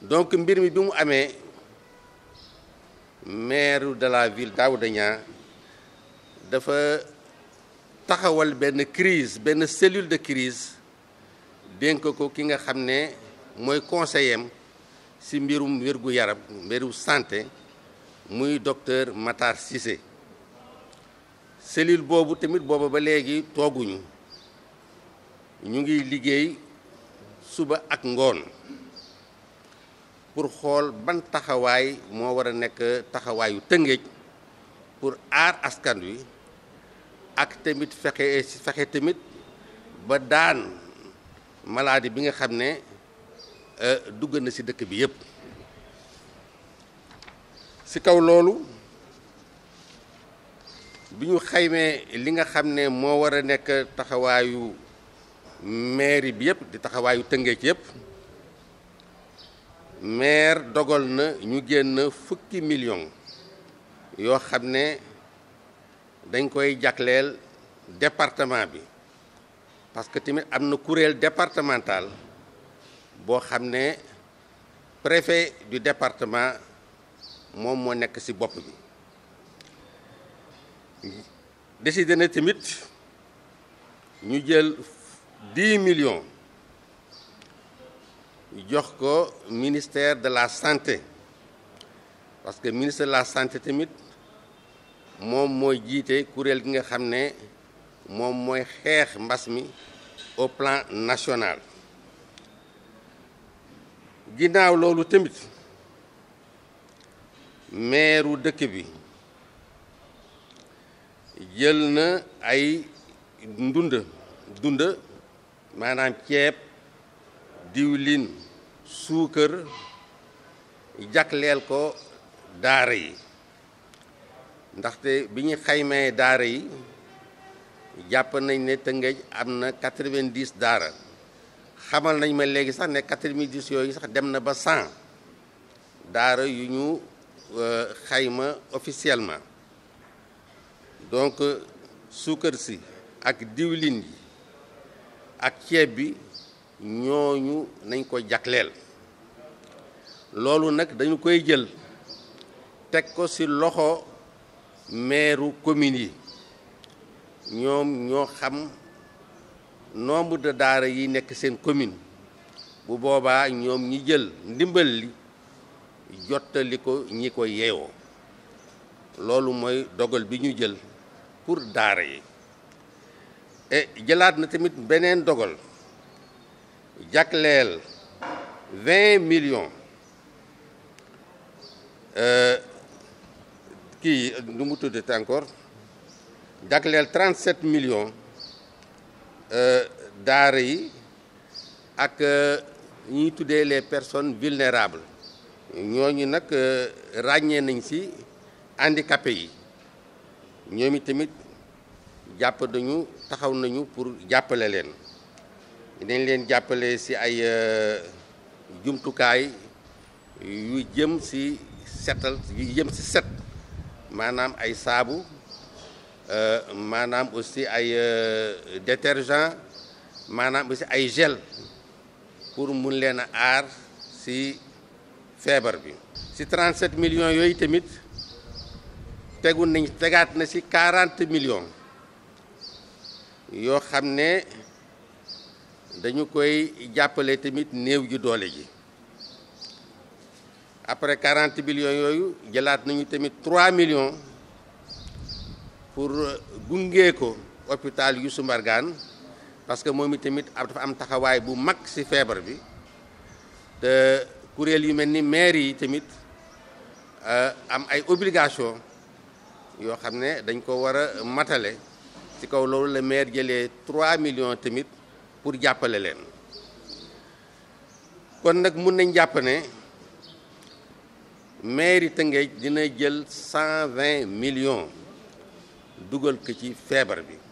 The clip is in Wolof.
donc je suis bi maire de la ville Daouda a dafa taxawal crise ben cellule de crise Bien que, ki nga xamné moy mooy conseiller si santé muy docteur Matar Cissé cellule qui tamit ba ñu ngi suba ak pour xool ban taxawaay moo war a nekk taxawaayu Tëngéej pour aar askan wi ak tamit fexe fexe tamit ba daan maladie bi nga xam ne euh, dugg na ci dëkk bi yépp ci kaw loolu bi ñu xaymee li nga xam ne moo war a nekk taxawaayu mairie bi yépp di taxawaayu Tëngéej yépp maire nous na ñu génn fukki million yoo xam dañ koy département parce que tamit am un courriel départemental boo xam préfet du département moom moo nekk ci bopp bi décidé ñu millions jox ko ministère de la santé parce que ministère de la santé tamit mom moy jité kuréel gi nga xamné mom moy xex mbass mi au plan national ginaaw loolu tamit meeru deuk bi jël na ay ndund dund manam tiep diwlin suukar jagleel ko daara yi ndaxte bi ñu xaymee daara yi jàpp nañ ne Tëngéej am na 90 daara xamal nañ ma léegi sax ne 90 yooyu sax dem na ba 100 daara yu ñu euh, xayma officiellement donc suukar si ak diwlin yi ak ceeb bi ñooñu nañ ko jagleel loolu nag dañu koy jël teg ko ci loxo meeru communes yi ñoom ñoo xam nombre de daara yi nekk seen commune bu boobaa ñoom ñi jël ndimbal li jottali ko ñi ko yeewoo loolu mooy dogal bi ñu jël pour daara yi e jëlaat na tamit beneen dogal jagleel 20 millions qui, euh, nous mu tuddati encore jagleel 37 millions euh, daara yi ak euh, les personnes vulnérables ñooñu avons ràññee nañ ci handicapé yi ñoom tamit jàpp nañu taxaw nañu pour les leen. dañ leen jàppale ci ay euh, jumtukaay yu jëm ci setal yu jëm ci set maanaam ay saabu euh, maanaam aussi ay euh, détergent maanaam aussi ay gel pour mun leen a aar ci feebar bi ci 37 millions yooyu tamit tegu nañ tegaat na ci 40 millions yoo xam ne dañu koy jàppale tamit néew ji doole ji après 40 millions yooyu jëlaat nañu tamit 3 millions pour gungee ko hôpital Youssou Mbargane parce que moom tamit dafa am taxawaay bu mag ci feebar bi te kuréel yu mel ni maire yi tamit euh, am ay obligation yoo xam ne dañ ko war a matale ci kaw loolu la maire jëlee 3 millions tamit pour jàppale leen kon nag mun nañ jàpp ne mairie Tëngéej dina jël cent vingt millions dugal ko ci feebar bi